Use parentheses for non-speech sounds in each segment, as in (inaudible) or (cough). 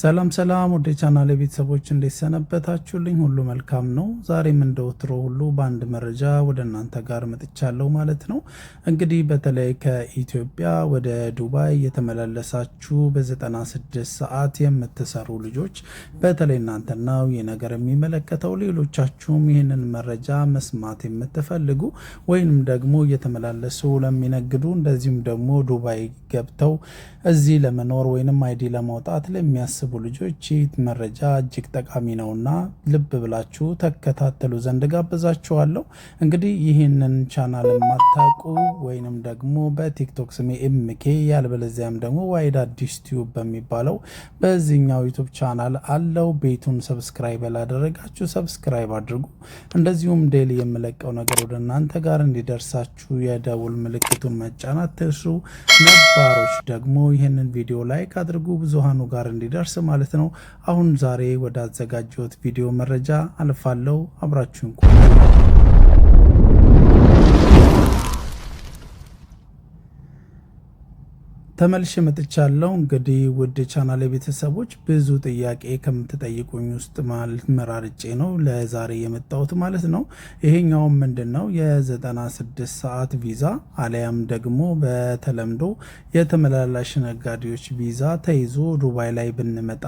ሰላም ሰላም ወደ ቻናል ቤተሰቦች እንዴት ሰነበታችሁልኝ? ሁሉ መልካም ነው። ዛሬም እንደ ወትሮ ሁሉ በአንድ መረጃ ወደ እናንተ ጋር መጥቻለሁ ማለት ነው። እንግዲህ በተለይ ከኢትዮጵያ ወደ ዱባይ የተመላለሳችሁ በ96 ሰዓት የምትሰሩ ልጆች በተለይ እናንተና ይህ ነገር የሚመለከተው ሌሎቻችሁም ይህንን መረጃ መስማት የምትፈልጉ ወይንም ደግሞ እየተመላለሱ ለሚነግዱ እንደዚሁም ደግሞ ዱባይ ገብተው እዚህ ለመኖር ወይንም አይዲ ለማውጣት ለሚያስ ለምታስቡ ልጆች ይህ መረጃ እጅግ ጠቃሚ ነውና ልብ ብላችሁ ተከታተሉ ዘንድ ጋበዛችኋለሁ። እንግዲህ ይህንን ቻናል የማታውቁ ወይንም ደግሞ በቲክቶክ ስሜ ኤምኬ ያልበለዚያም ደግሞ ዋይድ አዲስ ቲዩብ በሚባለው በዚህኛው ዩቱብ ቻናል አለው። ቤቱን ሰብስክራይብ ያላደረጋችሁ ሰብስክራይብ አድርጉ። እንደዚሁም ዴሊ የምለቀው ነገር ወደ እናንተ ጋር እንዲደርሳችሁ የደውል ምልክቱን መጫናት ትርሱ። ነባሮች ደግሞ ይህንን ቪዲዮ ላይክ አድርጉ ብዙሃኑ ጋር እንዲደርስ ስለሚደርስ ማለት ነው። አሁን ዛሬ ወደ አዘጋጀሁት ቪዲዮ መረጃ አልፋለሁ። አብራችሁን ተመልሼ መጥቻለሁ። እንግዲህ ውድ ቻናል ቤተሰቦች ብዙ ጥያቄ ከምትጠይቁኝ ውስጥ መራርጬ ነው ለዛሬ የመጣሁት ማለት ነው። ይሄኛውም ምንድን ነው የ96 ሰዓት ቪዛ አሊያም ደግሞ በተለምዶ የተመላላሽ ነጋዴዎች ቪዛ ተይዞ ዱባይ ላይ ብንመጣ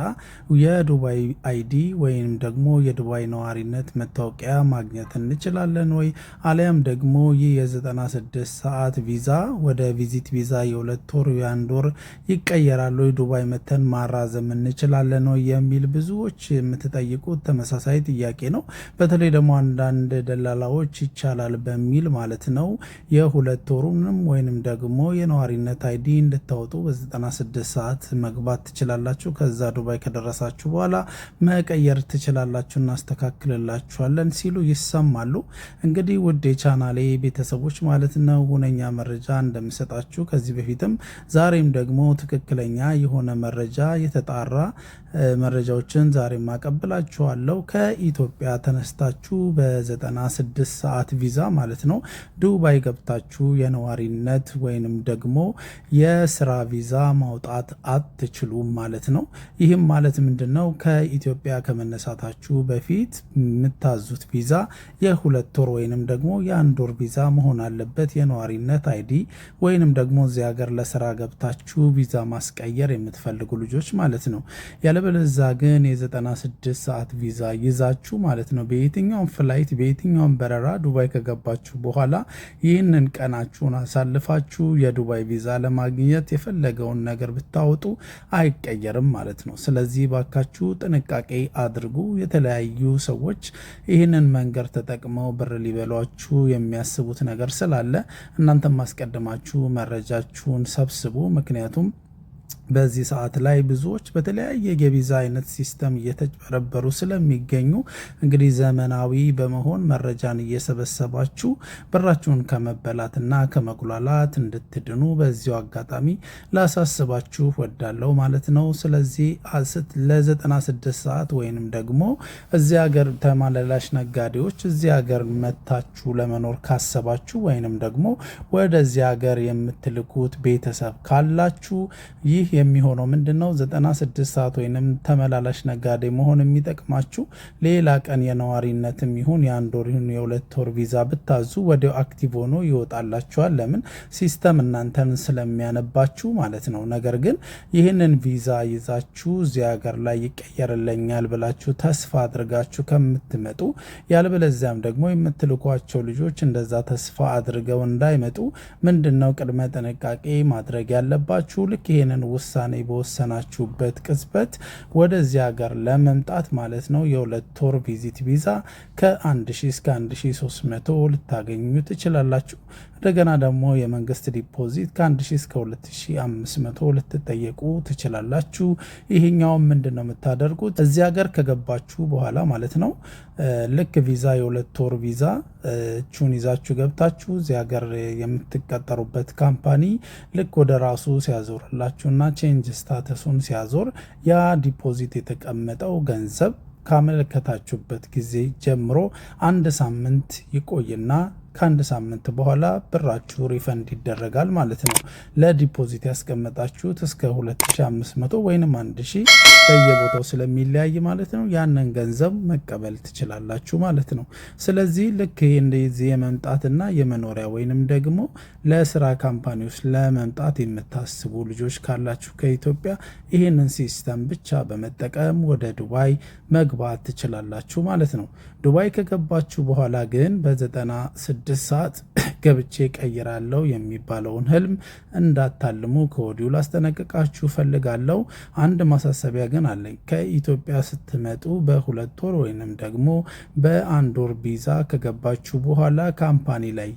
የዱባይ አይዲ ወይም ደግሞ የዱባይ ነዋሪነት መታወቂያ ማግኘት እንችላለን ወይ? አሊያም ደግሞ ይህ የ96 ሰዓት ቪዛ ወደ ቪዚት ቪዛ የሁለት ወር አንድ ወር ይቀየራሉ። ዱባይ መተን ማራዘም እንችላለን ነው የሚል ብዙዎች የምትጠይቁት ተመሳሳይ ጥያቄ ነው። በተለይ ደግሞ አንዳንድ ደላላዎች ይቻላል በሚል ማለት ነው የሁለት ወሩንም ወይንም ደግሞ የነዋሪነት አይዲ እንድታወጡ በ96 ሰዓት መግባት ትችላላችሁ። ከዛ ዱባይ ከደረሳችሁ በኋላ መቀየር ትችላላችሁ፣ እናስተካክልላችኋለን ሲሉ ይሰማሉ። እንግዲህ ውድ የቻናሌ ቤተሰቦች ማለት ነው ሁነኛ መረጃ እንደምሰጣችሁ ከዚህ በፊትም ዛሬም ደግሞ ትክክለኛ የሆነ መረጃ የተጣራ መረጃዎችን ዛሬም አቀብላችኋለሁ። ከኢትዮጵያ ተነስታችሁ በ96 ሰዓት ቪዛ ማለት ነው ዱባይ ገብታችሁ የነዋሪነት ወይንም ደግሞ የስራ ቪዛ ማውጣት አትችሉም ማለት ነው። ይህም ማለት ምንድን ነው? ከኢትዮጵያ ከመነሳታችሁ በፊት የምታዙት ቪዛ የሁለት ወር ወይንም ደግሞ የአንድ ወር ቪዛ መሆን አለበት። የነዋሪነት አይዲ ወይንም ደግሞ እዚህ ሀገር ለስራ ገብ ገብታችሁ ቪዛ ማስቀየር የምትፈልጉ ልጆች ማለት ነው። ያለበለዛ ግን የ96 ሰዓት ቪዛ ይዛችሁ ማለት ነው በየትኛውም ፍላይት በየትኛውም በረራ ዱባይ ከገባችሁ በኋላ ይህንን ቀናችሁን አሳልፋችሁ የዱባይ ቪዛ ለማግኘት የፈለገውን ነገር ብታወጡ አይቀየርም ማለት ነው። ስለዚህ ባካችሁ ጥንቃቄ አድርጉ። የተለያዩ ሰዎች ይህንን መንገድ ተጠቅመው ብር ሊበሏችሁ የሚያስቡት ነገር ስላለ እናንተም አስቀድማችሁ መረጃችሁን ሰብስቡ። مكنياتهم በዚህ ሰዓት ላይ ብዙዎች በተለያየ የቪዛ አይነት ሲስተም እየተጨበረበሩ ስለሚገኙ እንግዲህ ዘመናዊ በመሆን መረጃን እየሰበሰባችሁ ብራችሁን ከመበላትና ከመጉላላት እንድትድኑ በዚሁ አጋጣሚ ላሳስባችሁ ወዳለው ማለት ነው። ስለዚህ አስት ለ96 ሰዓት ወይንም ደግሞ እዚህ ሀገር ተማለላሽ ነጋዴዎች እዚህ ሀገር መታችሁ ለመኖር ካሰባችሁ ወይንም ደግሞ ወደዚህ ሀገር የምትልኩት ቤተሰብ ካላችሁ ይህ የሚሆነው ምንድን ነው? 96 ሰዓት ወይንም ተመላላሽ ነጋዴ መሆን የሚጠቅማችሁ ሌላ ቀን የነዋሪነትም ይሁን የአንድ ወር ይሁን የሁለት ወር ቪዛ ብታዙ ወዲያው አክቲቭ ሆኖ ይወጣላችኋል። ለምን ሲስተም እናንተን ስለሚያነባችሁ ማለት ነው። ነገር ግን ይህንን ቪዛ ይዛችሁ እዚህ ሀገር ላይ ይቀየርለኛል ብላችሁ ተስፋ አድርጋችሁ ከምትመጡ ያልበለዚያም ደግሞ የምትልኳቸው ልጆች እንደዛ ተስፋ አድርገው እንዳይመጡ ምንድን ነው ቅድመ ጥንቃቄ ማድረግ ያለባችሁ ልክ ይህንን ውሳኔ በወሰናችሁበት ቅጽበት ወደዚያ ሀገር ለመምጣት ማለት ነው የሁለት ወር ቪዚት ቪዛ ከ1000 እስከ 1300 ልታገኙ ትችላላችሁ። እንደገና ደግሞ የመንግስት ዲፖዚት ከ1000 እስከ 2500 ልትጠየቁ ትችላላችሁ። ይሄኛውም ምንድን ነው የምታደርጉት እዚያ ሀገር ከገባችሁ በኋላ ማለት ነው ልክ ቪዛ የሁለት ወር ቪዛ እቹን ይዛችሁ ገብታችሁ እዚህ ሀገር የምትቀጠሩበት ካምፓኒ ልክ ወደ ራሱ ሲያዞርላችሁ እና ቼንጅ ስታተሱን ሲያዞር ያ ዲፖዚት የተቀመጠው ገንዘብ ካመለከታችሁበት ጊዜ ጀምሮ አንድ ሳምንት ይቆይና ከአንድ ሳምንት በኋላ ብራችሁ ሪፈንድ ይደረጋል ማለት ነው። ለዲፖዚት ያስቀመጣችሁት እስከ 2500 ወይም 1000 በየቦታው ስለሚለያይ ማለት ነው ያንን ገንዘብ መቀበል ትችላላችሁ ማለት ነው። ስለዚህ ልክ እንደዚህ የመምጣትና የመኖሪያ ወይንም ደግሞ ለስራ ካምፓኒዎች ለመምጣት የምታስቡ ልጆች ካላችሁ ከኢትዮጵያ ይህንን ሲስተም ብቻ በመጠቀም ወደ ዱባይ መግባት ትችላላችሁ ማለት ነው። ዱባይ ከገባችሁ በኋላ ግን በ96 ስድስት ሰዓት (clears throat) ገብቼ ቀይራለሁ የሚባለውን ህልም እንዳታልሙ ከወዲሁ ላስጠነቅቃችሁ ፈልጋለሁ። አንድ ማሳሰቢያ ግን አለኝ። ከኢትዮጵያ ስትመጡ በሁለት ወር ወይንም ደግሞ በአንድ ወር ቪዛ ከገባችሁ በኋላ ካምፓኒ ላይ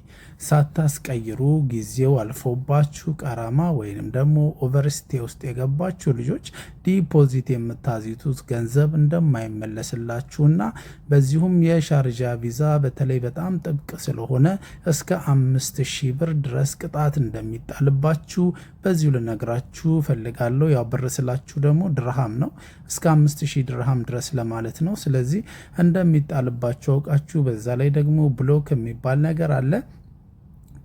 ሳታስቀይሩ ጊዜው አልፎባችሁ ቀራማ ወይንም ደግሞ ኦቨርስቴ ውስጥ የገባችሁ ልጆች ዲፖዚት የምታዚቱት ገንዘብ እንደማይመለስላችሁና በዚሁም የሻርጃ ቪዛ በተለይ በጣም ጥብቅ ስለሆነ እስከ አምስት ሺህ ብር ድረስ ቅጣት እንደሚጣልባችሁ በዚሁ ልነግራችሁ ፈልጋለሁ። ያው ብር ስላችሁ ደግሞ ድርሃም ነው፣ እስከ አምስት ሺህ ድርሃም ድረስ ለማለት ነው። ስለዚህ እንደሚጣልባችሁ አውቃችሁ፣ በዛ ላይ ደግሞ ብሎክ የሚባል ነገር አለ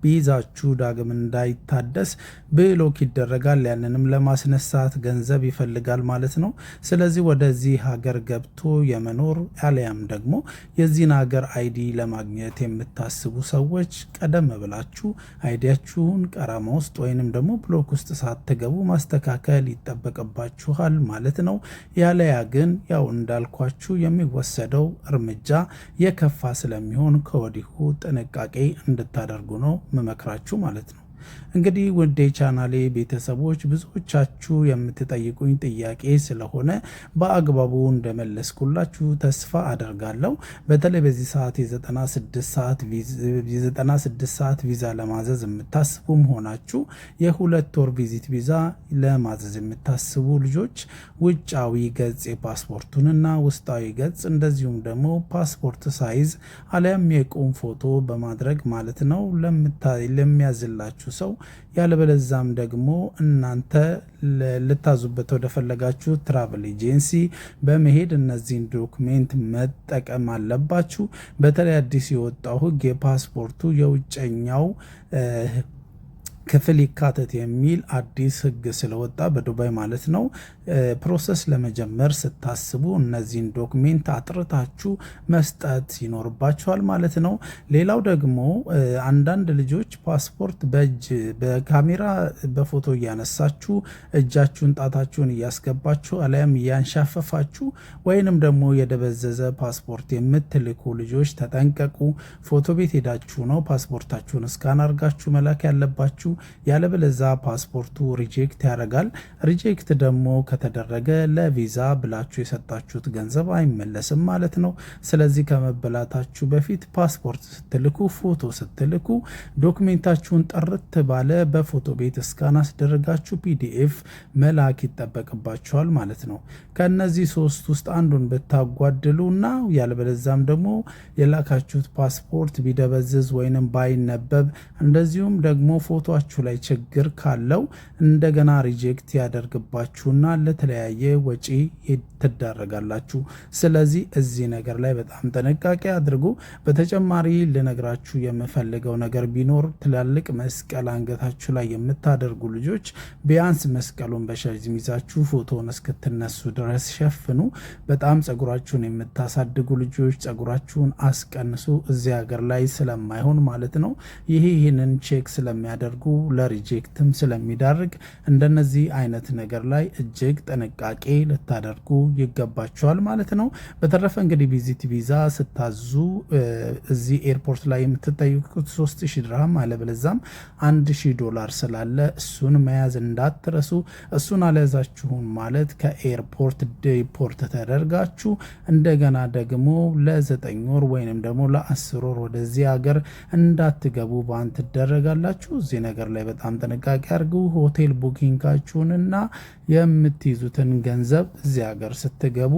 ቢይዛችሁ ዳግም እንዳይታደስ ብሎክ ይደረጋል። ያንንም ለማስነሳት ገንዘብ ይፈልጋል ማለት ነው። ስለዚህ ወደዚህ ሀገር ገብቶ የመኖር አሊያም ደግሞ የዚህን ሀገር አይዲ ለማግኘት የምታስቡ ሰዎች ቀደም ብላችሁ አይዲያችሁን ቀረማ ውስጥ ወይንም ደግሞ ብሎክ ውስጥ ሳትገቡ ማስተካከል ይጠበቅባችኋል ማለት ነው። ያለያ ግን ያው እንዳልኳችሁ የሚወሰደው እርምጃ የከፋ ስለሚሆን ከወዲሁ ጥንቃቄ እንድታደርጉ ነው መመክራችሁ ማለት ነው። እንግዲህ ወደ ቻናሌ ቤተሰቦች ብዙዎቻችሁ የምትጠይቁኝ ጥያቄ ስለሆነ በአግባቡ እንደመለስኩላችሁ ተስፋ አደርጋለሁ። በተለይ በዚህ ሰዓት የ96 ሰዓት ቪዛ ለማዘዝ የምታስቡም ሆናችሁ የሁለት ወር ቪዚት ቪዛ ለማዘዝ የምታስቡ ልጆች ውጫዊ ገጽ የፓስፖርቱንና ውስጣዊ ገጽ እንደዚሁም ደግሞ ፓስፖርት ሳይዝ አሊያም የቁም ፎቶ በማድረግ ማለት ነው ለሚያዝላችሁ ሰው ያለበለዛም ደግሞ እናንተ ልታዙበት ወደፈለጋችሁ ትራቭል ኤጀንሲ በመሄድ እነዚህን ዶክሜንት መጠቀም አለባችሁ። በተለይ አዲስ የወጣው ሕግ የፓስፖርቱ የውጨኛው ክፍል ይካተት የሚል አዲስ ህግ ስለወጣ በዱባይ ማለት ነው። ፕሮሰስ ለመጀመር ስታስቡ እነዚህን ዶክሜንት አጥርታችሁ መስጠት ይኖርባችኋል ማለት ነው። ሌላው ደግሞ አንዳንድ ልጆች ፓስፖርት በእጅ በካሜራ በፎቶ እያነሳችሁ እጃችሁን ጣታችሁን እያስገባችሁ አሊያም እያንሻፈፋችሁ ወይንም ደግሞ የደበዘዘ ፓስፖርት የምትልኩ ልጆች ተጠንቀቁ። ፎቶ ቤት ሄዳችሁ ነው ፓስፖርታችሁን እስካን አርጋችሁ መላክ ያለባችሁ። ያለበለዛ ፓስፖርቱ ሪጀክት ያደርጋል። ሪጀክት ደግሞ ከተደረገ ለቪዛ ብላችሁ የሰጣችሁት ገንዘብ አይመለስም ማለት ነው። ስለዚህ ከመበላታችሁ በፊት ፓስፖርት ስትልኩ፣ ፎቶ ስትልኩ ዶክሜንታችሁን ጥርት ባለ በፎቶ ቤት እስካን አስደረጋችሁ ፒዲኤፍ መላክ ይጠበቅባችኋል ማለት ነው። ከእነዚህ ሶስት ውስጥ አንዱን ብታጓድሉ እና ያለበለዛም ደግሞ የላካችሁት ፓስፖርት ቢደበዝዝ ወይንም ባይነበብ እንደዚሁም ደግሞ ፎቶ በስራችሁ ላይ ችግር ካለው እንደገና ሪጀክት ያደርግባችሁና ለተለያየ ወጪ ትዳረጋላችሁ። ስለዚህ እዚህ ነገር ላይ በጣም ጥንቃቄ አድርጉ። በተጨማሪ ልነግራችሁ የምፈልገው ነገር ቢኖር ትላልቅ መስቀል አንገታችሁ ላይ የምታደርጉ ልጆች ቢያንስ መስቀሉን በሸሚዝ ይዛችሁ ፎቶን እስክትነሱ ድረስ ሸፍኑ። በጣም ጸጉራችሁን የምታሳድጉ ልጆች ጸጉራችሁን አስቀንሱ፣ እዚህ ሀገር ላይ ስለማይሆን ማለት ነው። ይህ ይህንን ቼክ ስለሚያደርጉ ለሪጀክትም ስለሚዳርግ እንደነዚህ አይነት ነገር ላይ እጅግ ጥንቃቄ ልታደርጉ ይገባቸዋል ማለት ነው። በተረፈ እንግዲህ ቪዚት ቪዛ ስታዙ እዚህ ኤርፖርት ላይ የምትጠይቁት 3000 ሺ ድርሃም አለበለዛም 1000 ዶላር ስላለ እሱን መያዝ እንዳትረሱ። እሱን አልያዛችሁም ማለት ከኤርፖርት ዲፖርት ተደርጋችሁ እንደገና ደግሞ ለዘጠኝ ወር ወይንም ደግሞ ለአስር ወር ወደዚህ ሀገር እንዳትገቡ ባን ትደረጋላችሁ እዚህ ነገር ነገር ላይ በጣም ጥንቃቄ አድርጉ። ሆቴል ቡኪንጋችሁንና የምትይዙትን ገንዘብ እዚህ ሀገር ስትገቡ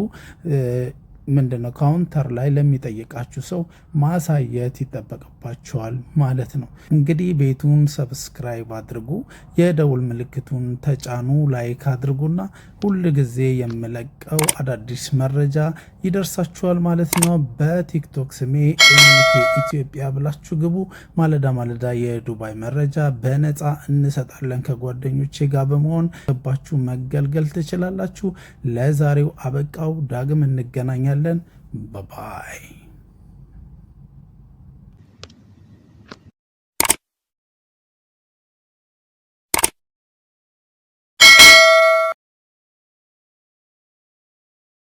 ምንድነው ካውንተር ላይ ለሚጠይቃችሁ ሰው ማሳየት ይጠበቅባል። ይኖርባቸዋል ማለት ነው። እንግዲህ ቤቱን ሰብስክራይብ አድርጉ፣ የደውል ምልክቱን ተጫኑ፣ ላይክ አድርጉና ሁል ጊዜ የምለቀው አዳዲስ መረጃ ይደርሳችኋል ማለት ነው። በቲክቶክ ስሜ ኤምኬ ኢትዮጵያ ብላችሁ ግቡ። ማለዳ ማለዳ የዱባይ መረጃ በነፃ እንሰጣለን ከጓደኞቼ ጋር በመሆን ገባችሁ መገልገል ትችላላችሁ። ለዛሬው አበቃው። ዳግም እንገናኛለን። ባባይ